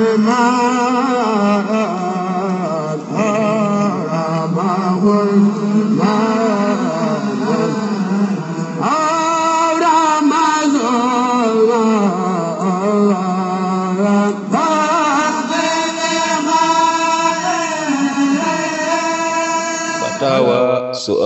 الماء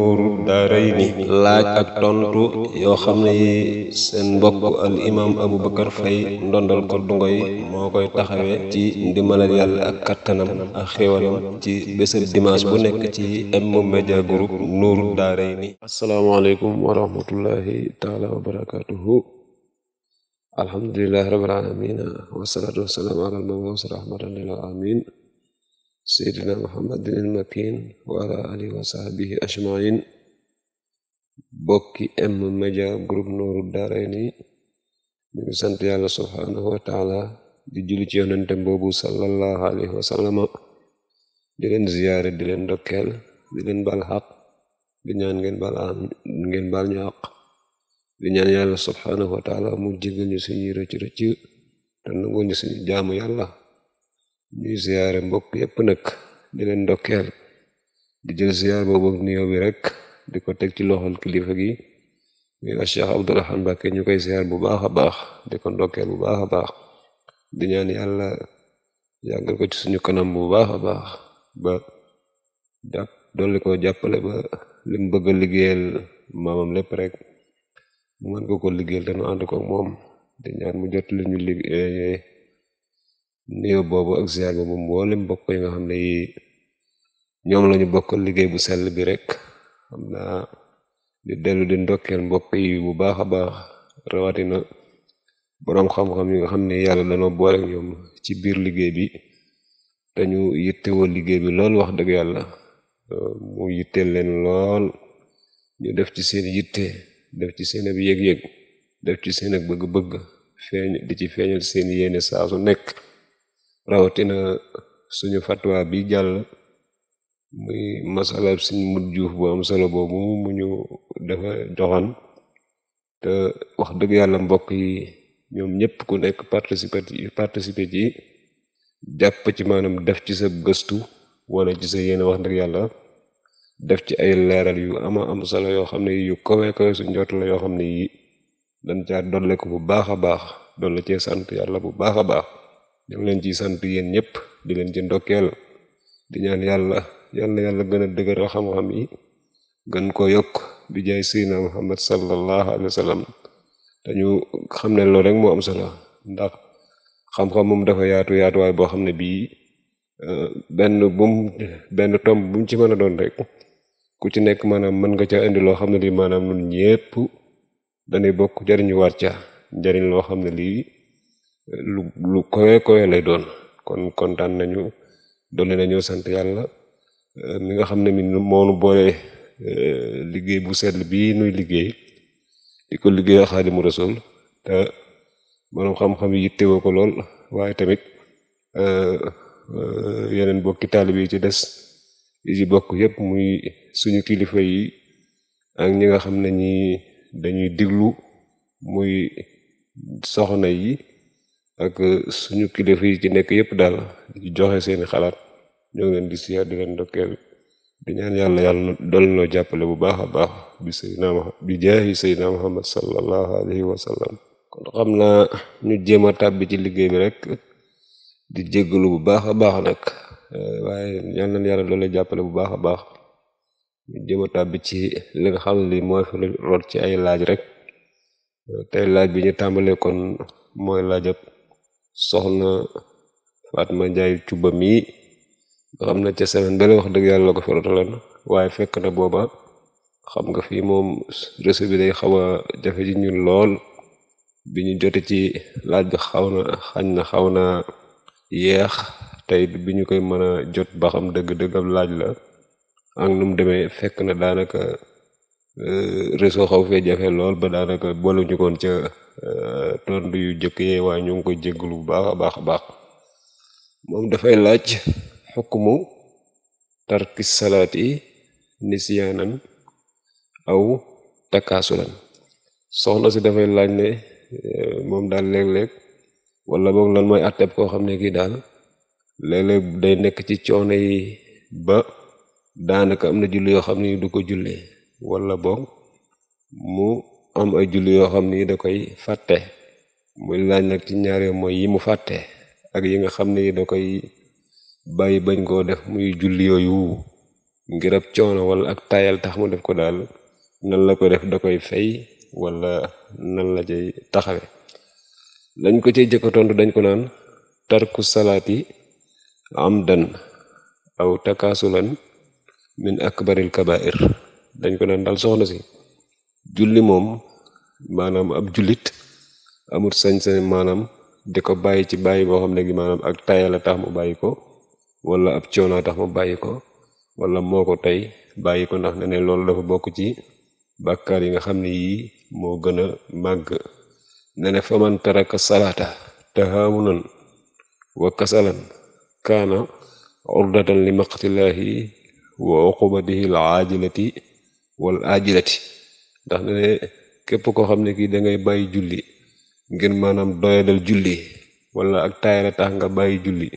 nuuru daarayni laaj ak tontu yoo xam ne yi seen mbokk al imaam Aboubacar Faye ndondal ko dungoy moo koy taxawee ci ndimbalal yàlla ak kattanam ak xéwalam ci bésëb dimanche bu nekk ci M-Media Group nuuru daarayni asalaamaaleykum wa rahmatullahi taala wa seydina muhammadin il makin wala alihi wa sahbihi ajmain bokki M Media groupe Nourou Darayni ñu ngi sant yàlla subhanahu wa di julli ci yonente bobu sallallahu alayhi wa sallama di leen ziyaare di leen dokkeel di bal xaq di ñaan ngeen bal am ngeen bal ñu xaq di ñaan yàlla subhanahu wa taala mu jéggal ñu suñuy ñu jaamu yàlla ñuy ziyaare mbokk yëpp nag di leen ndokkeel di jël ziyaar boobu ak nuyoo rek di ko teg ci loxol kilifa gi muy a Cheikh Abdoul Ahad Mbacké ñu koy ziyaar bu baax a baax di ko ndokkeel bu baax a baax di ñaan yàlla yàggal ko ci suñu kanam bu baax a baax ba jàpp ko jàppale ba lim bëgg a liggéeyal maamam lépp rek mu mën ko ko liggéeyal te nu ànd ko moom di ñaan mu jot li ñu liggéey nuyoo boobu ak ziar boobu mboolem mbokk yi nga xam ne yi ñoom lañu bokkal liggéey bu sell bi rek xam naa di dellu di ndokkeel mbokk yi bu baax a baax rawatina boroom xam-xam yi nga xam ne yàlla danoo boole ñoom ci biir liggéey bi dañu ñu yittewoo liggéey bi lool wax dëgg yàlla mu yitteel leen lool ñu def ci seen yitte def ci seen ab yëg-yëg def ci seen ak bëgg-bëgg di ci feeñal seen yéene saa nekk rawatina suñu fatwa bi jàll muy masala suñ mut juuf bu am solo boobu mu ñu dafa doxan te wax dëgg yàlla mbokk yi ñoom ñëpp ku nekk participer participer ci jàpp ci maanaam def ci sa gëstu wala ci sa yéene wax dëgg yàlla def ci ay leeral yu ama am solo yoo xam ne yu kowe kowe su njot la yoo xam ne yi dañ caa dolleeku bu baax a baax dolle cee sant yàlla bu baax a baax ñoo ngi leen ci sant yéen ñëpp di leen ci ndokkeel di ñaan yàlla yàlla yàlla gën a dëgëral xam-xam yi gën ko yokk bi jaay sayyidina muhammad sallallahu alayhi wa sallam dañu xam ne loolu rek moo am solo ndax xam-xam moom dafa yaatu yaatuwaay boo xam ne bii euh, benn bum benn tomb bu ci mën a doon rek ku ci nekk maanaam mën nga ca indi loo xam ne lii maanaam ñun ñëpp dañuy bokk jariñu war ca njariñ loo xam ne lii lu lu kowe kowe lay doon kon kontaan nañu doole nañoo sant yàlla euh, mi nga xam ne mi moonu boole euh, liggéey bu sell bii nuy liggéey di ko liggéey mu rasul te borom xam-xam yi yittewoo ko lool waaye tamit euh, yeneen bokki taalib yi ci des yi ci bokk yépp muy suñu kilifa yi ak ñi nga xam ne ñi dañuy diglu muy soxna yi ak suñu kilifa yi ci nekk yépp daal di joxe seeni xalaat ñoo ngi leen di siyaar di leen ndokkeel di ñaan yàlla yàlla dol noo jàppale bu baax a baax bi sayyidina bi jaahi sayyidina muhammad sallallahu alayhi wa sallam kon xam naa ñu jéem a tàbbi ci liggéey bi rek di jéggalu bu baax a baax nag waaye ñaan leen yàlla doole jàppale bu baax a baax ñu jéem tàbbi ci li xam ne li mooy fi rot ci ay laaj rek tey laaj bi ñu tàmbalee kon mooy laajab soxna ma Njaay Cuba mii nga xam na ca semaine bale wax dëgg yàlla ko fi rotaloon waaye fekk na booba xam nga fii moom réseau bi day xaw a jafe ji ñun lool bi ñu jote ci laaj bi xaw na xañ na xaw na yeex tey bi ñu koy mën jot ba xam dëgg-dëgg ab laaj la ak nu mu demee fekk na daanaka euh, réseau xaw fee jafe lool ba daanaka boole ñu koon ca tontu euh, yu jëkk yee waa ñu ngi koy jéggalu bu baax a baax a baax moom dafay laaj xukmu tarki salaati nisyaanan aw takaasulan soxna si dafay laaj ne euh, moom daal léeg-léeg wala boog lan mooy àtteeb koo xam ne kii daal léeg-léeg day nekk ci coono yi ba daanaka am na julli yoo xam ne du ko jullee wala boog mu am ay julli yoo xam ni da koy fàtte muy laaj nag ci ñaare mooy yi mu fàtte ak yi nga xam ni da koy bàyyi bañ koo def muy julli yooyu ngir ab coono wala ak taayal tax mu def ko daal nan la ko def da koy fay wala nan la cay taxawe dañ ko cay jëkka tontu dañ ko naan tarku salaati amdan aw takaasulan min akbaril kabair dañ ko naan daal soxna si julli moom maanaam ab jullit amul sañ-sañ maanaam di ko bàyyi ci bàyyi boo xam ne gi maanaam ak tayala tax mu bàyyi ko wala ab coonaa tax mu bàyyi ko walla moo ko tey bàyyi ko ndax ne ne loolu dafa bokk ci bàkkaar yi nga xam ne yii moo gën a màgg ne ne faman taraka salaata tahawunan wa kasalan kaana urdatan li maqtillahi wa uqubatihi al aajilati wal aajilati ndax ne képp koo xam ne kii da ngay bàyyi julli ngir maanaam doyadal julli wala ak taayale tax nga bàyyi julli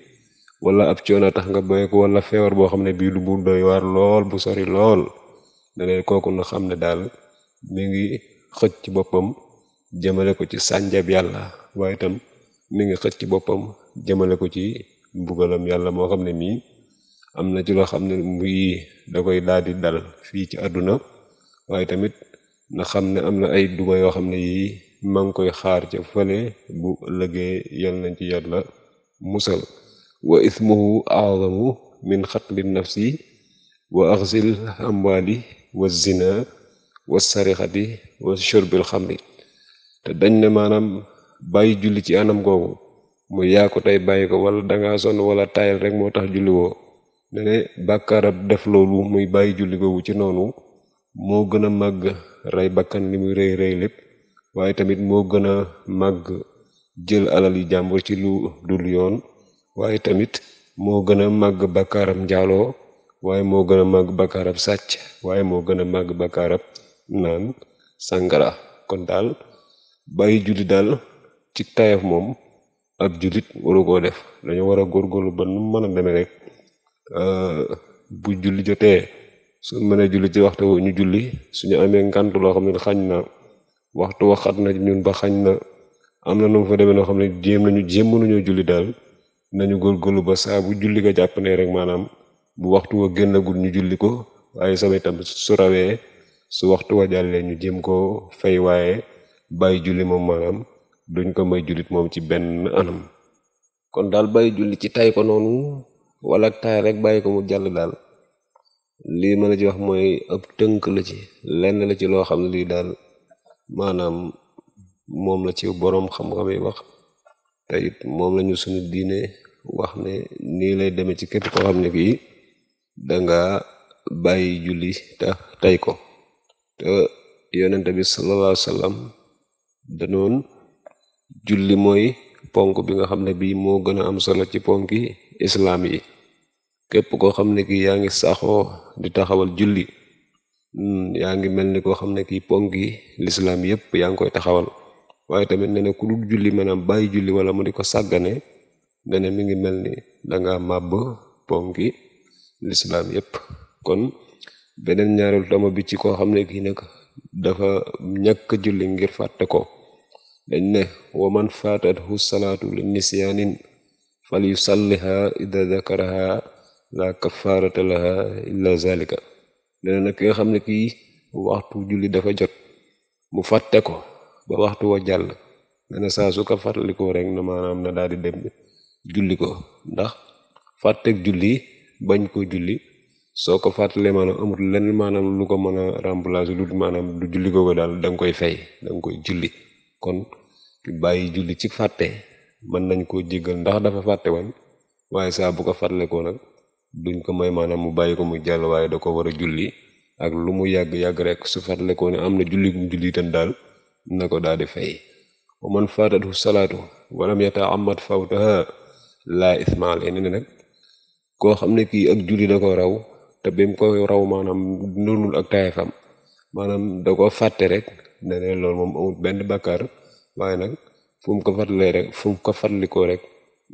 wala ab coono tax nga bàyyi ko wala feebar boo xam ne bii du bu doy waar lool bu sori lool dane kooku na xam ne daal mi ngi xëcc ci boppam jëmale ko ci sànjab yàlla waaye itam mi ngi xëcc ci boppam jëmale ko ci mbugalam yàlla moo xam ne mii am na ci loo xam ne muy da koy daal dal fii ci àdduna waaye tamit na xam ne am na ay duma yoo xam ne yii maa ngi koy xaar ca fële bu ëllëgee yal nañ ci yàlla musal wa ismuhu azamu min xatli nafsi wa axsil amwaali wa zina wa sarixati wa shurbil xamri te dañ ne maanaam bàyyi julli ci anam googu mu yaa tey bàyyi ko wala dangaa sonn wala tayal rek moo tax julli woo ne ne def loolu muy bàyyi julli googu ci noonu moo gën a màgg rey bakkan li muy rëy lépp waaye tamit moo gën a màgg jël alal yi jàmbur ci lu dul yoon waaye tamit moo gën a màgg bakkaaram njaaloo waaye moo gën a màgg bakkaarab sàcc waaye moo gën a màgg bakkaarab naan sàngara kon daal bay julli daal ci tayef moom ab jullit waru def dañu war a góorgóorlu ba nu mën a demee rek bu julli jotee su mënee julli ci waxtu wu ñu julli suñu amee ngànt loo xam ne xañ na waxtu wa waxat na ñun ba xañ na am na nu fa demee noo xam ne jéem nañu jéem mënuñoo julli daal nañu góorgóorlu ba saa bu julli nga jàpp ne rek maanaam bu waxtu wa génnagul ñu julli ko waaye sama itam su rawee su waxtu wa jàllee ñu jéem koo fay waaye bàyyi julli moom maanaam duñ ko may jullit moom ci benn anam kon daal bàyyi julli ci tay ko noonu wala tay rek bàyyi ko mu jàll daal lii ma la ci wax mooy ab tënk la ci lenn la ci loo xam ne lii daal maanaam moom la ci boroom xam-xam yi wax te moom lañu ñu suñu diine wax ne nii lay demee ci képp koo xam ne kii danga bàyyi julli te ko te yonente bi sallallahu alayhi wasallam danoon julli mooy ponk bi nga xam ne bii moo gën a am solo ci ponki islaam yi képp koo xam ne kii yaa ngi saxoo di taxawal julli mm, yaa ngi mel ni koo xam ne kii ponk yi lislaam yëpp yaa ngi koy taxawal waaye tamit ne ne ku dul julli maanaam bàyyi julli wala mu di ko sàggane ne ne mi ngi mel ni danga màbb ponk yi lislaam yépp kon beneen ñaareelu tama bi ci koo xam ne kii nag dafa ñàkk julli ngir fàtte ko dañ ne wa man fatathu salaatu li nisyaanin fal yusalliha ida dakaraha la kafarata illa zalika nee na ki nga xam ne kii waxtu julli dafa jot mu fàtte ko ba waxtu wa jàll nee saa su ko fàttalikoo rek na maanaam na daal di dem julli ko ndax fàttek julli bañ ko julli soo ko fàttalee maanaam amul lenn maanaam lu ko mën a remplacer lu maanaam du julli googu koy fay da nga koy julli bàyyi julli ci fàtte mën nañ koo jéggal ndax dafa fàtte woon waaye saa bu ko fàttalikoo nag duñ ko may maanaam mu bàyyi ko mu jàll waaye da ko war a julli ak lu mu yàgg-yàgg rek su fàttale ko ne am na julli gum julli itam daal na ko daal di fay wa man faatatu salaatu walam yata'ammad fawtaha laa isma alayhi ne nag koo xam ne kii ak julli da ko raw te bi mu ko raw maanaam nurul ak taayafam maanaam da ko fàtte rek ne ne loolu moom amul benn bakkaar waaye nag fu ko fàttalee rek fu mu ko fàttalikoo rek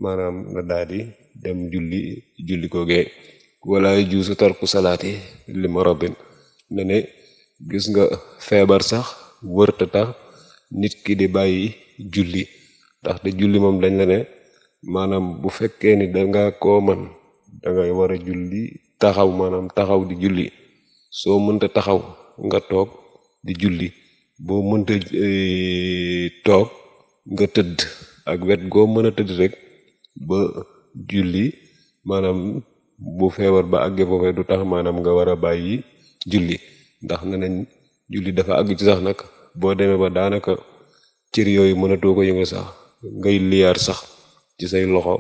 maanaam nga daal di dem julli julli ko gee wala juusu tarku salaati li marabin ne ne gis nga feebar sax wërta tax nit ki di bàyyi julli ndax te julli moom dañ la ne maanaam bu fekkee ni danga koo man dangay war a julli taxaw maanaam taxaw di julli soo mënta taxaw nga toog di julli boo mënta eh, toog nga tëdd ak wet goo mën a tëdd rek ba julli maanaam bu feebar ba àggee foofee du tax maanaam nga war a bàyyi julli ndax ne nañ julli dafa agg ci sax nag boo demee ba daanaka cër yooyu mënatoo ko yëngal sax ngay liyaar sax ci say loxo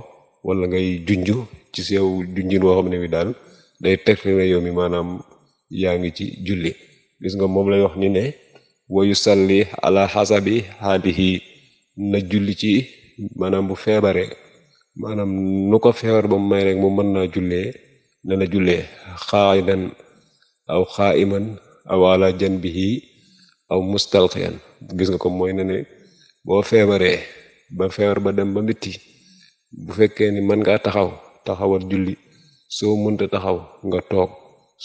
wala ngay junj ci sew junjin woo ne wi daal day teg na yow mi maanaam yaa ngi ci julli gis nga moom lay wax ni ne wayu salli ala xasabi haadihi na julli ci maanaam bu feebaree maanaam nu ko feebar ba mu may rek mu mën naa jullee nana jullee xaaidan aw xaaiman aw bi janbihi aw mustalqiyan gis nga ko mooy na ne boo feebaree ba feebar ba dem ba mitti bu fekkee ni mën ngaa taxaw taxawal julli soo mënta taxaw nga toog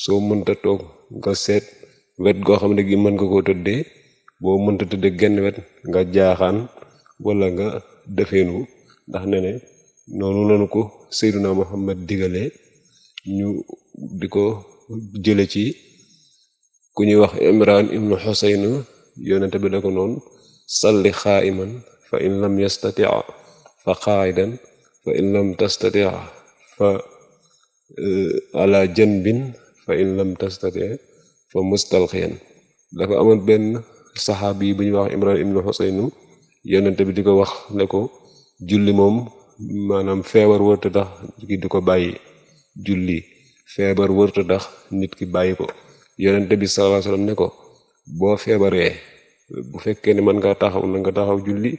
soo mënta toog nga seet wet goo xam ne gi mën nga koo tëddee boo mënta tëddee genn wet nga jaaxaan wala nga defeenu ndax ne noonu lañu ko seyduna muhammad digale ñu di ko jële ci ku ñuy wax imran ibnu xuseyn yonente bi da ko noon salli xaaiman fa in lam yastati fa qaaidan fa in lam tastati fa eh, ala janbin fa in lam tastati fa mustalqiyan dafa amoon benn saxaabi yi bu ñuy wax imran ibnu xuseyn yonente bi di ko wax ne ko julli moom maanaam feebar wërta tax nit ki di ko bàyyi julli feebar wërta tax nit ki bàyyi ko yonente bi sallallahu alayhi ne ko boo feebaree bu fekkee ne mën nga taxaw na nga taxaw julli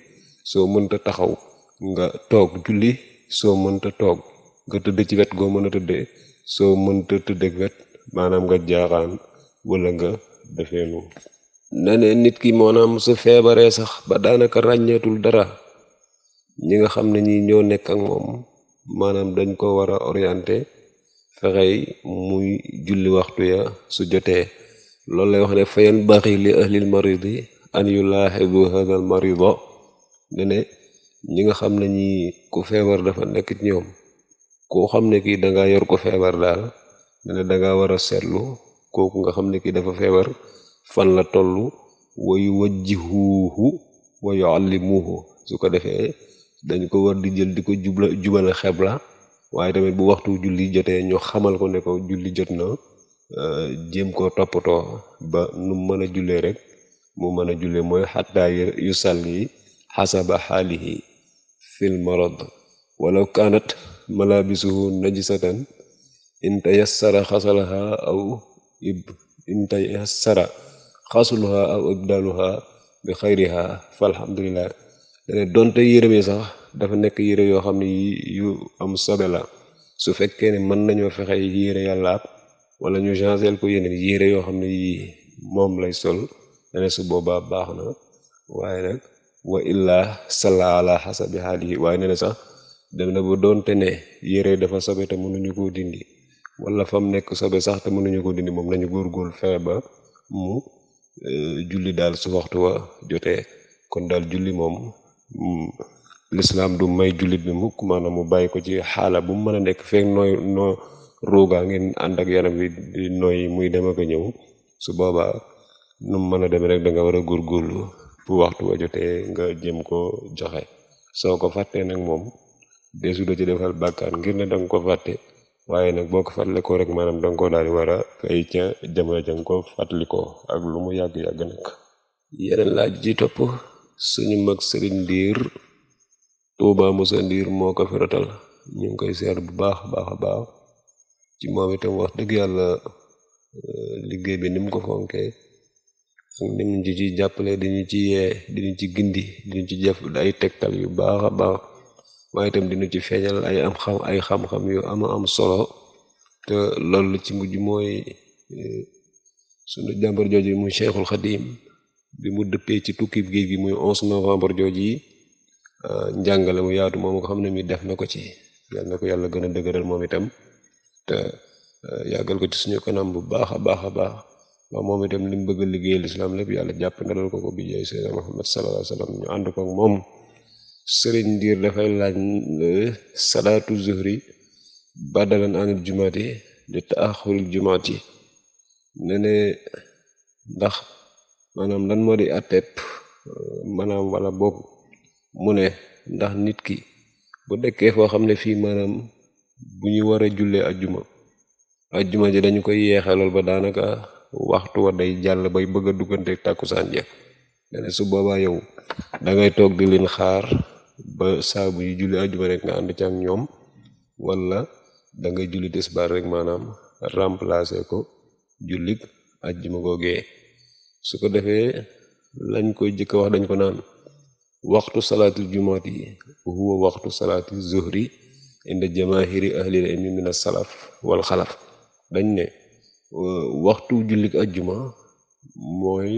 soo mënta taxaw nga toog julli soo mënta toog nga tëdd ci wet goo mën a tëddee soo mënta tëddeeg wet maanaam nga jaaxaan wala nga defee noonu na nit ki maanaam su feebaree sax ba daanaka ràññeetul dara ñi nga xam ne ñi ñoo nekk ak moom maanaam dañ ko war a orienté muy julli waxtu ya su jotee loolu lay wax ne fayan baxi li ahlil maridi an yu laaxibu hadal marido ne ne ñi nga xam ne ñi ku feebar dafa nekk ci ñoom koo xam ne kii danga yor ko feebar daal ne ne danga war a seetlu kooku nga xam ne kii dafa feebar fan la tollu toll wa yuwajjihuhu wa yuallimuhu su ko defee dañ ko war di jël di ko jubla xeb la waaye tamit bu waxtu julli jotee ñu xamal ko ne ko julli jot na euh, jéem koo toppatoo ba nu mën a jullee rek mu mën a jullee mooy xattaa yu salli xasaba xaalihi fil marad walaw kaanat malaabisuhu najisatan in tayassara xasalaha aw ib in tayassara xasuluha aw ibdaaluha bi xayriha falhamdulillah Eh, donte yére bi sax dafa nekk yére yoo xam ne yu am sobe la su fekkee ne mën nañoo fexe yére yàlla ab wala ñu changer ko yeneen yére yoo xam ne yii moom lay sol dane su boobaa baax na waaye nag wa illa salla ala xasabi xaalihi waaye nee na sax dem na bu donte ne yére dafa sobe te mënuñu koo dindi wala fam nekk sobe sax te mënuñu ko dindi moom nañu góorgóorlu fexe ba mu eh, julli daal su waxtu wa jotee kon daal julli moom Mm. lislaam du may jullit bi mukk maanaam mu bàyyi ko ci xaala bu mu mën a nekk feek nooy noo ruugaa ngeen ànd ak yaram bi muy dem ak a ñëw su boobaa nu mu mën a demee rek danga war a góorgóorlu bu waxtu wa jotee nga jëm ko joxe soo ko fàttee nag moom desu da ci defal bàkkaar ngir ne danga ko fàtte waaye nag boo ko fàttalikoo rek maanaam danga ko daal di war a fay ca jamono ja nga ko ak lu mu yàgg-yàgg nag yeneen laaj ji topp suñu mag sëriñ ndiir tuuba mosa ndiir moo ko fi ñu ngi koy seer bu baax baax a baax ci moom itam wax dëgg yàlla euh, liggéey bi ni ko fonkee ak ni ci jàppale diñu ci yee diñu ci gindi diñu ci jëf ay tegtal yu baax a baax waaye itam diñu ci feeñal ay xam ay xam-xam yu ama am solo te loolu ci mujj mooy euh, sunu jàmbar jooju mu Cheikhul Xadim bi mu dëppee ci tukki géej gi muy 11 novembre jooju yi euh, njàngale mu yaatu moom nga xam ne mi def na ko ci yàlla ko yàlla gën a dëgëral moom itam te euh, yàggal ko ci suñu kanam bu baax a baax a baax ba moom itam li mu bëgg a liggéeyal islam lépp yàlla jàpp ndalal ko ko bi jaay sayyidina Muhammad ñu ànd ko ak moom sëriñ Ndiir dafay laaj euh, salaatu zuhri badalan anil jumaati li taaxuril jumaati ne ne ndax maanaam lan moo di àtteeb maanaam wala boog mu ne ndax nit ki bu dekkee foo xam ne fii maanaam bu ñu war a jullee ajjuma ajjuma ji dañu koy yeexalool ba daanaka waxtu wa day jàll bay bëgg a duggante tàkkusaan jeex ne su boobaa yow da toog di xaar ba saabu bu ñu julli ajjuma rek nga ànd ci ak ñoom wala da ngay julli tisbaar rek maanaam remplacer ko jullig ajjuma googee su ko defee lañ koy jëkk wax dañ ko naan waxtu salaatil jumaati huwa waxtu salaati zuhri inda jamaahiri ahlil ilmi min as-salaf wal xalaat dañ ne uh, waxtu jullik ajjuma mooy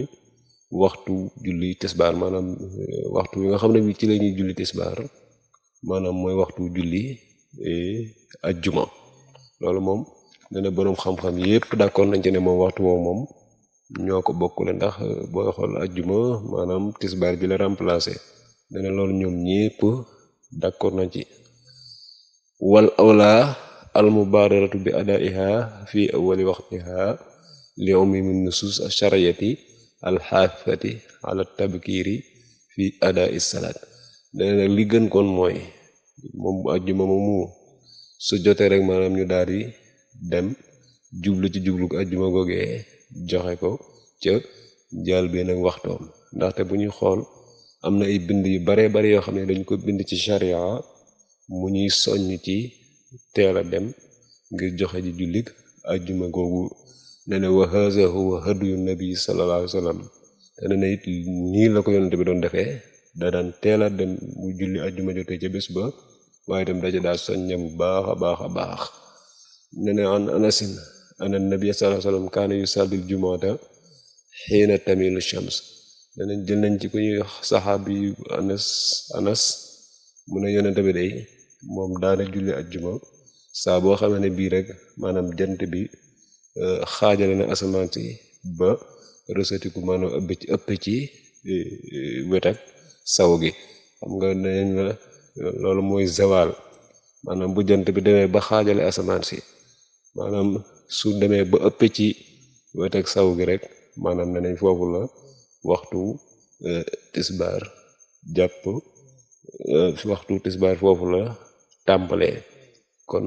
waxtu julli tisbaar maanaam uh, waxtu yi nga xam ne bi ci lañuy julli tisbaar maanaam mooy waxtu julli e, ajjuma loolu moom ne na boroom xam-xam yépp d'accord nañ ci ne moom waxtu woowu ñoo ko bokkule ndax euh, booy xool ajjuma maanaam tisbaar bi la remplacé dana loolu ñoom ñépp d'accord nañ ci wal awla al mubadaratu bi adaiha fi awali waqtiha li umumi nusus ashariyati al xaafati ala tabkiri fi adai salaat dana nag li gën kon mooy moom ajjuma moomu su jotee rek maanaam ñu daal di dem jublu ci jublu ajjuma googee joxe ko ca jaal benn waxtoom ndaxte bu ñuy xool am na ay bind yu baree bari yoo xam ne dañ ko bind ci sharia mu ñuy soññ ci teel a dem ngir joxe ji jullit ajjuma googu ne ne wa haza huwa nabi sallallahu alayhi te ne it nii la ko yonent bi doon defee da daan teel a dem mu julli ajjuma jotee ca bés ba waaye itam daja daa soññe bu baax a baax a baax ne an anasin ana nabi sallallahu alayhi wa sallam kaana yusalli jumata xiina tamilu shams danañ jël nañ ci ku ñuy saxaabi yu anas anas mu ne yonente bi day moom daana julli ajjuma saa boo xamee ne bii rek maanaam jant bi xaajale na asamaan si ba resetiku maanaam ëpp ci ëpp ci wet saw gi xam nga nañ la loolu mooy zawal maanaam bu jant bi demee ba xaajale asamaan si maanaam su demee ba ëpp ci wetek saw gi rek maanaam ne nañ foofu la waxtu euh, tisbaar jàpp euh, waxtu tisbaar foofu la tàmbalee kon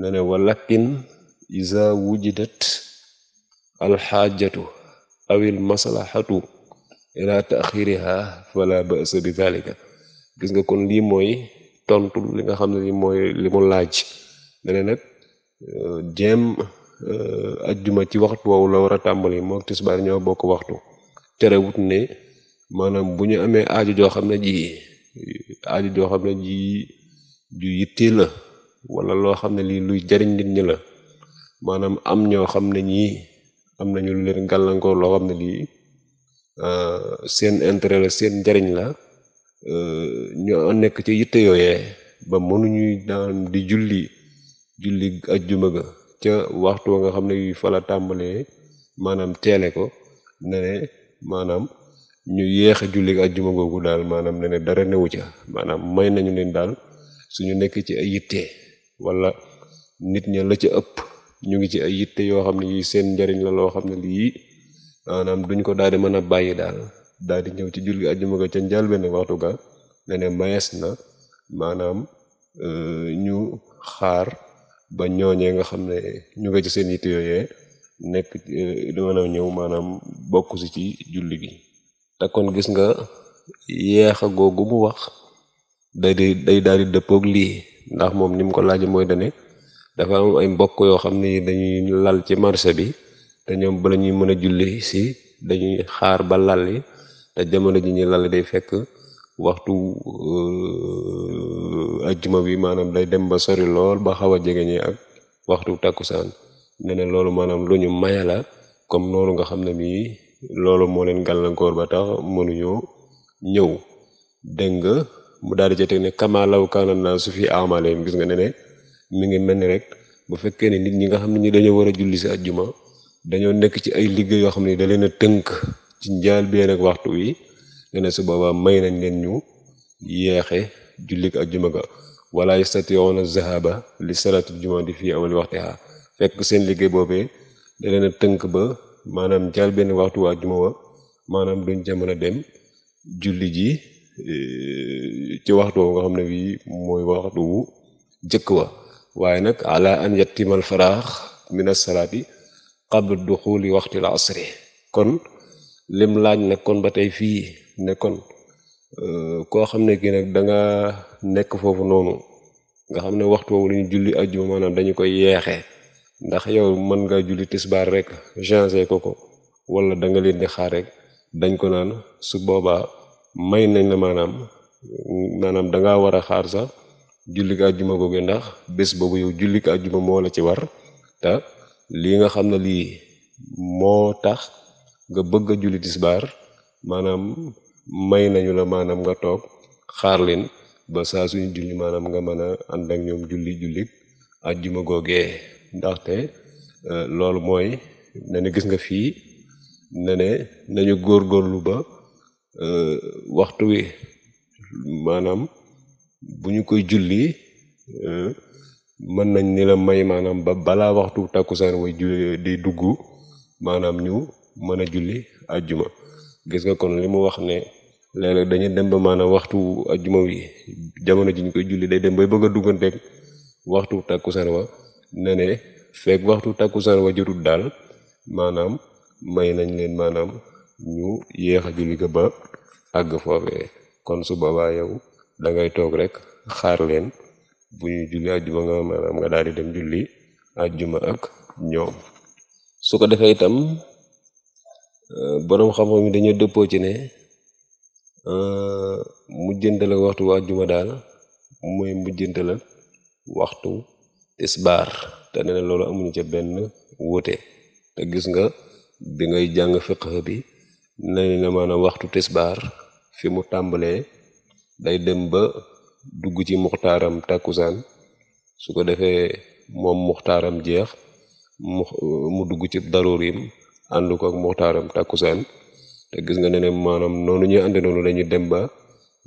ne ne walakin iza wujidat alxaajatu awil maslahatu ila taxiriha fala ba'sa bi dhalika gis nga kon lii mooy tontu li nga xam ne lii mooy limu laaj ne nag euh, jéem Euh, ajjuma ci waxtu woowu la war a tàmbali moog tisbaar ñoo bokk waxtu tere wut ne maanaam bu ñu amee aaju joo xam ne ji aaju joo xam ne ji ju la wala loo xam ne lii luy jariñ nit la maanaam am ñoo xam ne ñii am nañu lu leen gàllankoor loo xam ne lii euh, seen intérêt la seen njariñ la euh, nekk ci ba mënuñu daan di julli julli ajjuma ga ca waxtu wa nga xam ne fa fala tàmbalee maanaam teele ko ne maanaam ñu yéex a julli ajjuma googu daal maanaam ne ne dara newu ca maanaam may nañu leen daal suñu nekk ci ay yitte wala nit ña la ca ëpp ñu ngi ci ay yitte yoo xam ne yi seen njariñ la loo xam ne lii maanaam duñ ko daal di mën a bàyyi daal daal di ñëw ci julli ajjuma ga ca njëlbéen waxtu ga ne ne mayees na maanaam euh, ñu xaar ba ñooñee nga xam ne ñu nga ci seen yitte yooyee nekk di mën a ñëw maanaam bokk si ci julli bi te kon gis nga yeexa googu mu wax day day daal di dëppoog lii ndax moom ni mu ko laaje mooy dane dafa am ay mbokk yoo xam ne dañuy lal ci marché bi te ñoom bala ñuy mën a julli si dañuy xaar ba lalli te jamono ji ñuy lalli day fekk waxtu euh, ajjuma bi maanaam day dem ba sori lool ba xaw a jege ñi ak waxtu takkusaan ne ne loolu maanaam lu ñu maya la comme noonu nga xam ne nii loolu moo leen gàllankoor ba tax mënuñoo ñëw dégg nga mu daal di ca ne kama law kaana naa su fi amaleen gis nga ne ne ngi mel ni rek bu fekkee ne nit ñi nga xam ne ñi dañoo war a julli si ajjuma dañoo nekk ci ay liggéey yoo xam ne da leen a tënk ci njaal bi ak waxtu wi ne su booba may nañ leen ñu yeexe jullik ak juma ga wala yastatiyoona zahaba li salaatul jumaati fii awal waxtiha fekk seen liggéey boobee da a tënk ba maanaam jaal benn waxtu waa juma wa maanaam duñ ca dem julli ji e, ci waxtu nga xam ne bii mooy waxtu wu jëkk wa waaye nag ala an yattimal faraax min as-salaati qabla duxuli waxtil asri kon lim laaj nag kon ba tey fii ne kon euh, koo xam ne kii nag da nga nekk foofu noonu nga xam ne waxtu woowu lu ñu julli ajjuma maanaam dañu koy yeexe ndax yow mën nga julli tisbaar rek changer ko ko wala danga leen di xaar rek dañ ko naan su boobaa may nañ la maanaam maanaam da war a xaar sax jullik ajjuma googu ndax bés boobu yow jullik ajjuma moo la ci war ta lii nga xam ne lii moo tax nga bëgg a julli tisbaar maanaam may nañu la maanaam nga toog xaar leen ba saa suñu julli maanaam nga mën a ànd ñoom julli julli àjjuma googee ndaxte euh, loolu mooy ne gis nga fii ne nañu góor góorlu ba euh, waxtu wi maanaam bu ñu koy julli euh, mën nañ ni la may maanaam ba balaa waxtu takkusaan way julli di dugg maanaam ñu mën a julli àjjuma gis nga kon li mu wax ne léeg-léeg dañuy dem ba maanaam waxtu ak juma wi jamono ji ñu koy julli day dem bay bëgg a dugganteeg waxtu takkusaan wa ne ne fekk waxtu takkusaan wa jotul daal maanaam may nañ leen maanaam ñu yéex a julli ko ba àgg foofee kon su boobaa yow dangay toog rek xaar leen bu ñu julli ajjuma nga maanaam nga daal di dem julli juma ak ñoom su ko defee itam Euh, boroom xam-xam yi dañoo dëppoo ci ne euh, mujjantal ak waxtu àjjuma daal mooy mujjantal ak waxtu tisbaar te nee loolu amuñu ca benn wuute te gis nga bi ngay jàng féq bi nee na maanaam waxtu tisbaar fi mu tàmbalee day dem ba dugg ci muxtaaram tàkkusaan su ko defee moom muxtaaram jeex mu dugg ci darurim ànd ko ak muxtaaram tàkkusaan te gis nga ne ne maanaam noonu ñuy ànd noonu dañuy dem ba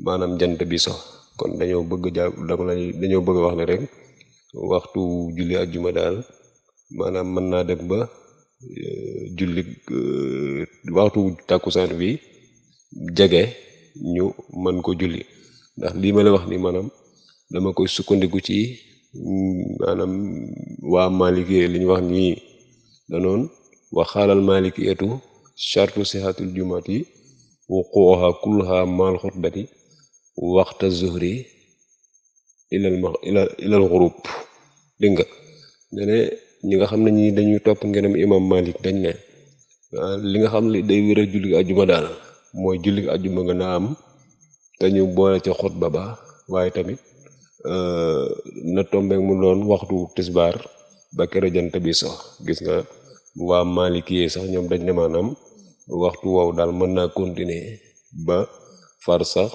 maanaam jant bi sax kon dañoo bëgg jàpp dañoo bëgg wax ne rek waxtu julli ajjuma daal maanaam mën naa dem ba euh, julli euh, waxtu tàkkusaan bi jege ñu mën ko julli ndax lii ma la wax nii maanaam dama koy sukkandiku ci mm, maanaam waa Maliki li ñu wax nii danoon wa xaalal maalikiyatu chartu sihatul jumati wuquuha kulluha maal xutbati waxta zuhri ilal ma ilal xurub dégg nga ne ñi nga xam ne ñi dañuy topp ngenam imam malik dañ ne ah, li nga xam ne day wéral julli ajjuma daal mooy julli ajjuma nga na am dañu boole ca xutba ba waaye tamit euh, na tombeek mu doon waxtu tisbaar ba kere jant bi gis nga waa maalikiyee sax ñoom dañ ne maanaam waxtu woowu daal mën naa continuer ba far sax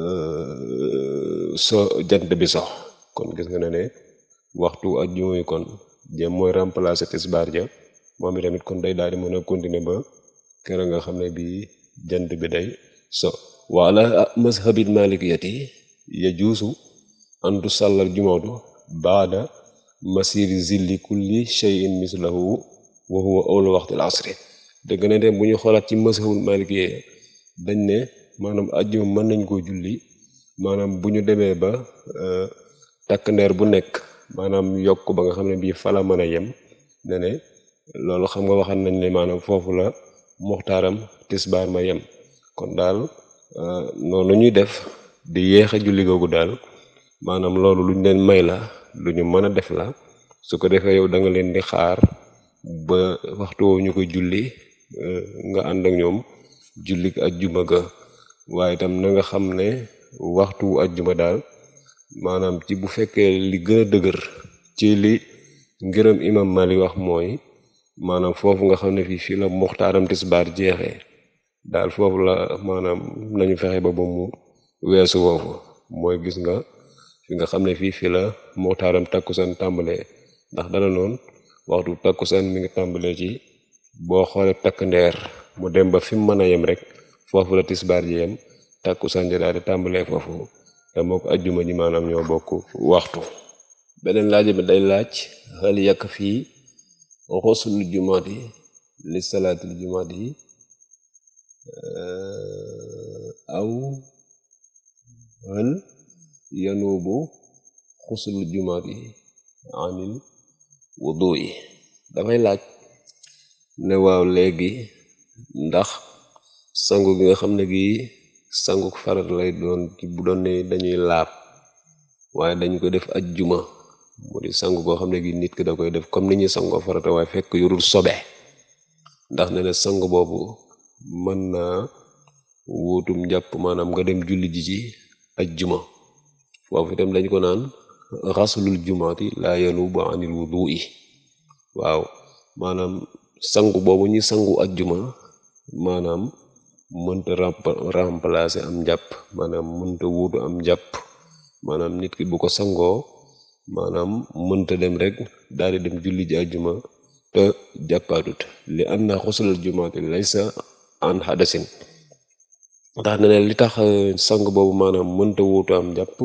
euh, so jant bi sax kon gis nga ne ne waxtu ajjuma yi kon jéem mooy remplacer tisbaar ja moom tamit kon day daal di mën a continuer ba kër nga xam ne bii jant bi day so wa ala mazhabil malikiyati yajuusu an tusallal jumaatu wa huwa awlu waxtil asri dëgg na dem bu ñu xoolaat ci mazhabul malikiyee dañ ne maanaam ajjuma mën nañ koo julli maanaam bu ñu demee ba euh, takk ndeer bu nekk maanaam yokk ba nga xam ne bii fala mën a yem ne ne loolu xam nga waxan nañ ne maanaam foofu la muxtaaram tisbaar ma yem kon daal euh, noonu ñuy def di yéex a julli googu daal maanaam loolu luñ leen may la lu ñu mën a def la su ko defee yow danga leen di xaar ba waxtu woowu ñu koy julli euh, nga ànd ak ñoom jullik ajjuma ga waaye itam na nga xam ne waxtu wu ajjuma daal maanaam ci bu fekkee li gën dëgër ci li ngërëm imam mali wax mooy maanaam foofu nga xam ne fii fii la muxtaaram tisbaar jeexee daal foofu la maanaam nañu fexe ba ba weesu foofu mooy gis nga fi nga xam ne fii fii la muxtaaram takkusaan tàmbalee ndax dala noonu waxtu takkusaan mi ngi tàmbalee ci boo xoolee takk ndeer mu dem ba fi mu mën a yem rek foofu la tisbaar ji yem takkusaan ji daal di tàmbalee foofu te moo ajjuma ji ñoo bokk waxtu beneen laaj bi day laaj xel yàq fii xuslu jumaat yi li salaatil jumaat eh, aw hal yanuubu xuslu jumaat yi wudu yi damay laaj ne waaw léegi ndax sangu gi nga xam ne gi sangu farat lay doon ci bu doon ne dañuy laab waaye dañ ko def ajjuma mu di sangu koo xam ne gi nit ki da koy def comme ni ñuy sangoo farata waaye fekk yorul sobe ndax ne ne sangu boobu mën na wuutum jàpp maanaam nga dem julli ji ci ajjuma foofu itam dañ ko naan xasulul jumaati laa yanuubu anil wudu'i waaw maanaam sangu boobu ñu sangu ajjuma maanaam mënta remplacer am maanaam mënta wuutu maanaam nit bu ko sangoo maanaam mënta dem rek daal di dem julli ji ajjuma te jàppaatut li am na xusulal jumaati laysa an hadasin ndax ne li tax eh, sang boobu maanaam mënta wuutu am njàpp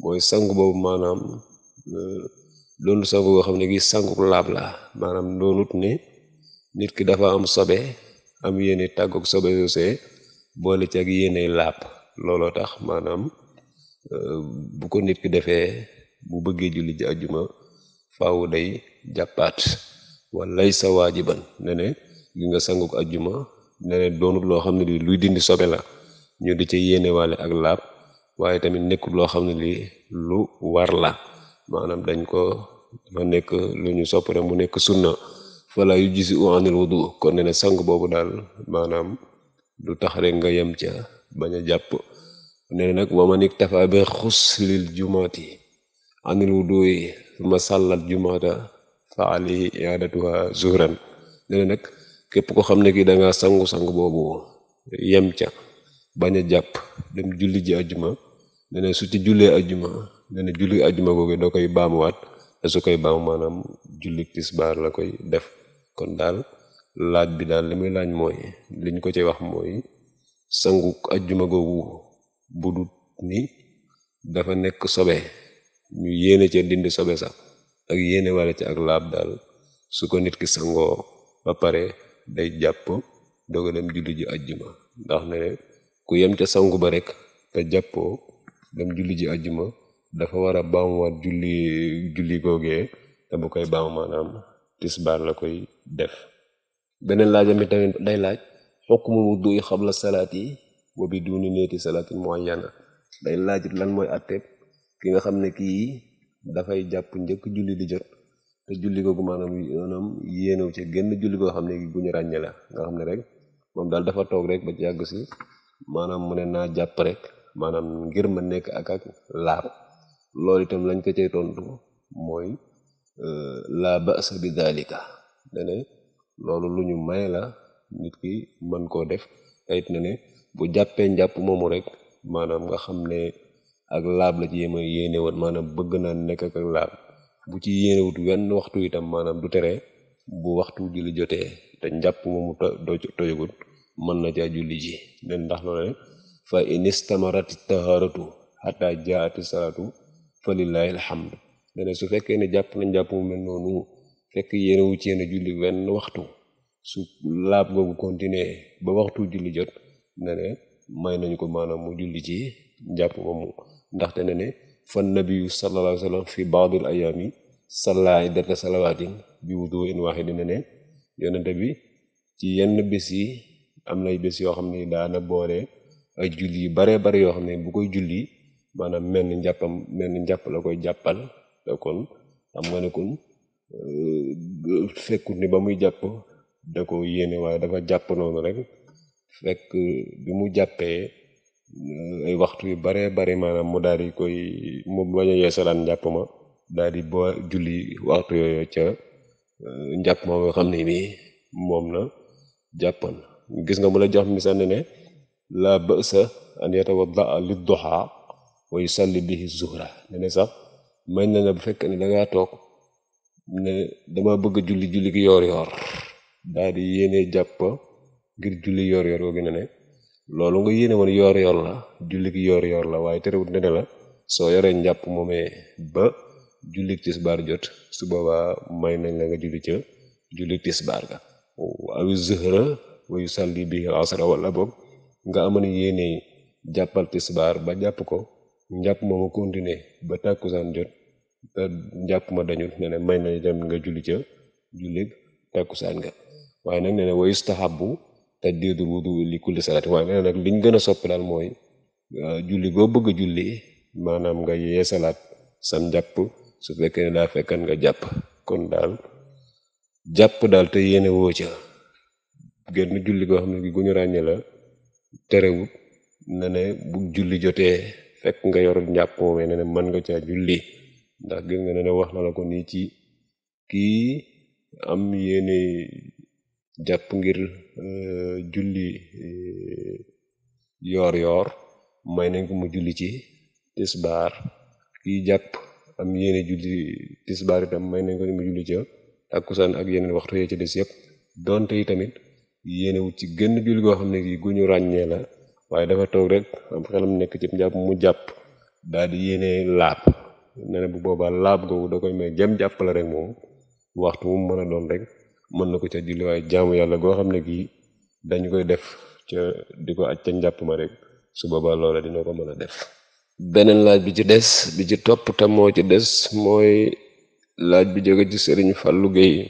mooy sangu boobu maanaam eh, doonu sangu boo xam ne gi sangu laab la maanaam doonut ne nit ki dafa am sobe am yéene tàggook sobe soosee boole ci ak yéene laab looloo tax maanaam eh, bu ko nit ki defee bu bëggee julli ji ajjuma faaw day jàppaat walay sa waajiban ne ne li nga sanguk ajjuma ne ne doonut loo xam ne di luy dindi sobe la ñu di ca yéenewaale ak laab waaye tamit nekkul loo xam ne lii lu war la maanaam dañ ko dafa nekk lu ñu sopp rek mu nekk sunna fala yu gisi u anil wudu boobu daal maanaam du tax rek nga yem ca bañ jàpp nag waman iktafa bi xuslil jumaati anil wudu yi suma sàllat jumaata fa alayhi nag képp ko xam ne da nga sangu-sang boobu yem ca bañ a jàpp dem julli ji àjjuma nee na su ci jullee ajjuma nee na julli ajjuma googu da koy baamuwaat te su koy baamu maanaam julli tisbaar la koy def kon daal laaj bi daal li muy laaj mooy liñ ko ci wax mooy sangu ajjuma googu bu dafa nekk sobe ñu yéene ca dindi sobe sax ak yéene wala ak laab daal nit ki ba pare day jàpp doog a dem julli ji ajjuma ndax ne ku yem ca sangu ba rek te jàppoo dem julli ji àjjuma dafa war a baamuwaat julli julli googee te bu koy baamu maanaam tisbaar la koy def beneen laajam bi tamit day laaj xukmu wuddu yi xabla salaat yi wa bi duni neeti salaatin muayyana day laajit lan mooy àtteeb ki nga xam ne kii dafay jàpp njëkk julli di jot te julli googu maanaam maanaam yéenew ci génn julli goo xam ne gi guñu ràññe la nga xam ne rek moom daal dafa toog rek ba ci yàgg si maanaam mu ne naa jàpp rek maanaam ngir ma nekk ak ak laab loolu itam lañ ko cay tontu mooy euh, laa ba'sa bi daalika ne loolu lu ñu may la nit ki mën koo def tayit na ne bu jàppee njàpp moomu rek maanaam nga xam ne ak laab la ci yéema yéene woon maanaam bëgg naa nekk ak ak bu ci yéenewut wenn waxtu itam maanaam du tere bu waxtu julli jotee te njàpp moomu to tojagut mën na caa julli ji nen ndax loolu fa in istamarat taharatu xata jaati salaatu fa lillahi alhamdu dane su fekkee ne jàpp nañ jàpp mu mel noonu fekk yenn wu ci yéene julli wenn waxtu su laab googu continuer ba waxtu julli jot ne ne may nañ ko maanaam mu julli ci jàpp njàpp moomu ndaxte ne ne fan nabiyu sallallahu alayhi wa sallam fi baadil ayaami salla iddata salawaatin bi wuduin waahidin ne ne yonente bi ci yenn bés yi am nay bés yoo xam ne daana boole ay julli yu baree bari yoo xam ne bu koy julli maanaam mel ni njàppam mel ni njàpp la koy jàppal te kon xam nga ne kon euh, fekkut ni ba muy jàpp da ko yéene waaye dafa jàpp noonu rek fekk bi mu jàppee euh, waxtu yu baree bari maanaam mu daal di koy mu bañ yeesalaan njàpp ma daal di boo julli waxtu yooyu ca euh, njàpp ma nga xam ne nii moom na jàppoon gis nga mu la jox misaal ne ne la ba'sa an yatawaddaa li duha wa yusalli bihi zuhra ne sax mañ na ne bu fekkee ne dangaa toog ne dama bëgg julli julli gi yoor yoor daal di yéene jàpp ngir julli yoor yoor nga yéene woon yoor yoor la la waaye terewut ne ne la soo yoree njàpp moomee ba julli tisbaar jot su boobaa may na la nga julli ca julli ga awi zuhra wa yusalli bihi asra wala boog nga amoon yéene jàppal tisbaar ba jàpp ko njàpp moomu continuer ba tàkkusaan jot njàpp ma dañul nee na may na dem nga julli ca julli tàkkusaan nga waaye nag nee na wa yustahabu nag liñ gën a soppi daal mooy euh, julli goo bëgg a julli maanaam nga yeesalaat sam njàpp su fekkee ne daa fekkan nga jàpp kon daal jàpp daal te yéene woo ca génn julli goo xam ne gi gu ñu ràññee la tere ne ne bu julli jotee fekk nga yor njàppoome ne ne mën nga caa julli ndax gis nga ne ne wax na la ko nii ci kii am yéene jàpp ngir euh, julli euh, yoor yoor may nañ ko mu julli ci tisbaar ki jàpp am yéene julli tisbaar itam may nañ ko mu julli ca takkusaan ak yeneen waxtu yee ci des yëpp donte yi tamit yéenewut ci gënn julli goo xam ne gi gu ñu ràññee la waaye dafa toog rek am mu nekk ci njàpp mu jàpp daal di yéene laab nee bu boobaa laab googu da koy may jëm jàpp la rek moom waxtu mu mën a doon rek mën na ko ca julli waaye jaamu yàlla goo xam ne gii dañu koy def ca di ko aj ca njàpp ma rek su boobaa loola dina ko mën a def beneen laaj bi ci des bi ci topp te moo ci des mooy laaj bi jóge ci Sëriñ Fallou Gueye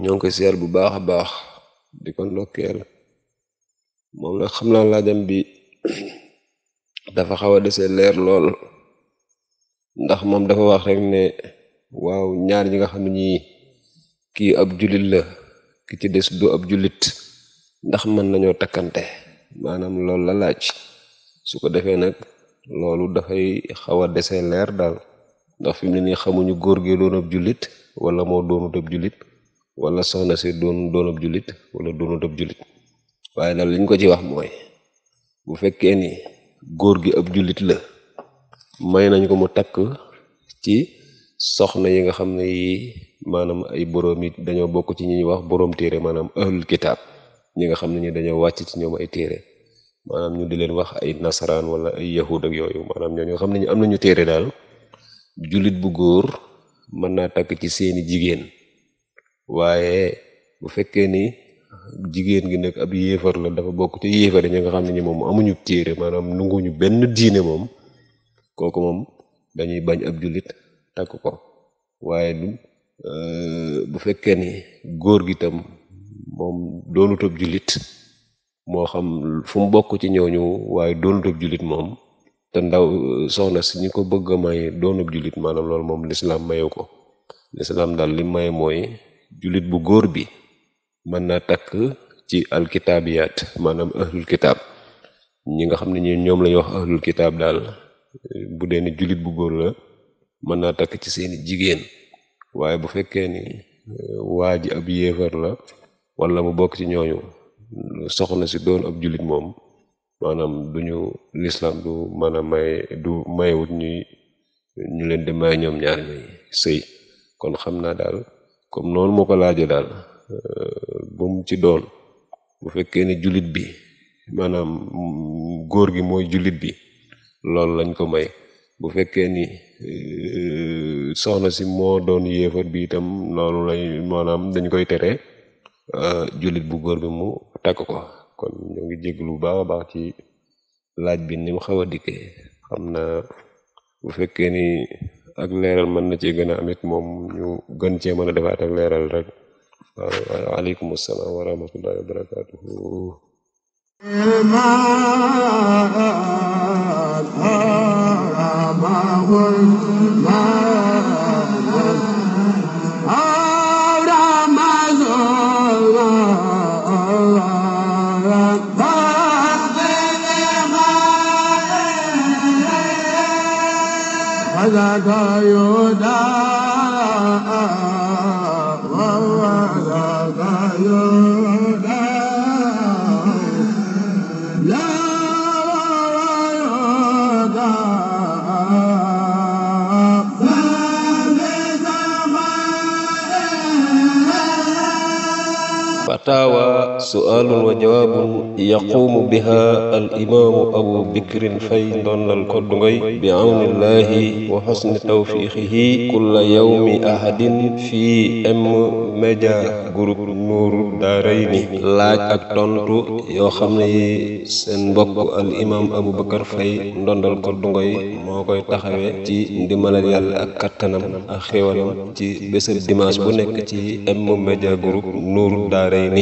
ñoo ngi koy siyaar bu baax a baax di ko ndokkeel moom na xam naa laajam bi dafa xaw a desee leer lool ndax moom dafa wax rek ne waaw ñaar ñi nga xam ne ñii kii ab julit la ki ci des du ab julit ndax mën nañoo takkante maanaam loolu la laaj su ko defee nag loolu dafay xaw a desee leer daal ndax fi ne nii xamuñu góor gi doon ab jullit wala moo doonut ab jullit wala soxna si doon doonub jullit wala doonutab jullit waaye daal liñ ko ci wax mooy bu fekkee ni góor gi ab jullit la may nañ ko mu takk ci soxna yi nga xam ne yi maanaam ay boroom yi dañoo bokk ci ñi ñuy wax boroom téere maanaam ahlul kitaab ñi nga xam ne ñi dañoo wàcc ci ñoom ay téere maanaam ñu di leen wax ay nasaraan wala ay yahud ak yooyu maanaam ñoo ñoo xam ne ñu am nañu téere daal jullit bu góor mën naa takk ci seeni jigéen waaye bu fekkee ni jigéen gi nekk ab yéefar la dafa bokk ci yéefar yi nga xam ne ni moom amuñu téere maanaam nanguñu benn diine moom kooku moom dañuy bañ ab jullit takk ko waaye euh, bu fekkee ni góor gi tam moom doonutub jullit moo xam fu bokk ci ñooñu waaye doonutub jullit moom te ndaw soxna si ñu ko bëgg a doon doonub jullit maanaam lool moom lislaam mayu ko lislaam daal li may mooy jullit bu góor bi mën naa takk ci alkitaabiyaat maanaam ahlul kitaab ñi nga xam ne ñi ñoom la wax ahlul kitaab daal bu dee ni jullit bu góor la mën naa takk ci seeni jigéen waaye bu fekkee ni eh, waa ji ab yéefar la wala mu bokk ci ñooñu soxna si doon ab julit moom maanaam duñu lislaam du maanaam may du mayewut ñuy ñu leen di may ñoom ñaar ñuy sëy kon xam naa daal comme noonu moo ko laaje daal euh, bu mu ci doon bu fekkee ni jullit bi maanaam góor gi mooy jullit bi loolu lañ ko may bu fekkee ni euh, soxna si moo doon yéefar bi itam loolu lañ maanaam dañ koy tere euh, jullit bu góor bi mu takk ko kon ñoo ngi jéglu bu baax a baax ci laaj bi ni xaw a dikkee xam na bu fekkee ni ak leeral man na cee gën a amit moom ñu gën cee mën a defaat ak leeral rek aleykum asalaam wa rahmatullahi wa barakatuhu fataawa su'aalun wa jawaabun yaquumu biha al imaamu abu bikrin fay ndondal koddu ngoy bi awnillahi wa xosni tawfiixihi kulla yawmi ahadin fii M Media Group Nour daarayni laaj ak tontu yoo xam ne yi seen mbokk al imaam Aboubacar Faye ndondal ko dungoy moo koy taxawee ci ndimbalal yàlla ak kattanam ak xéwalam ci bésëb dimanche bu nekk ci M Media Group Nour daarayni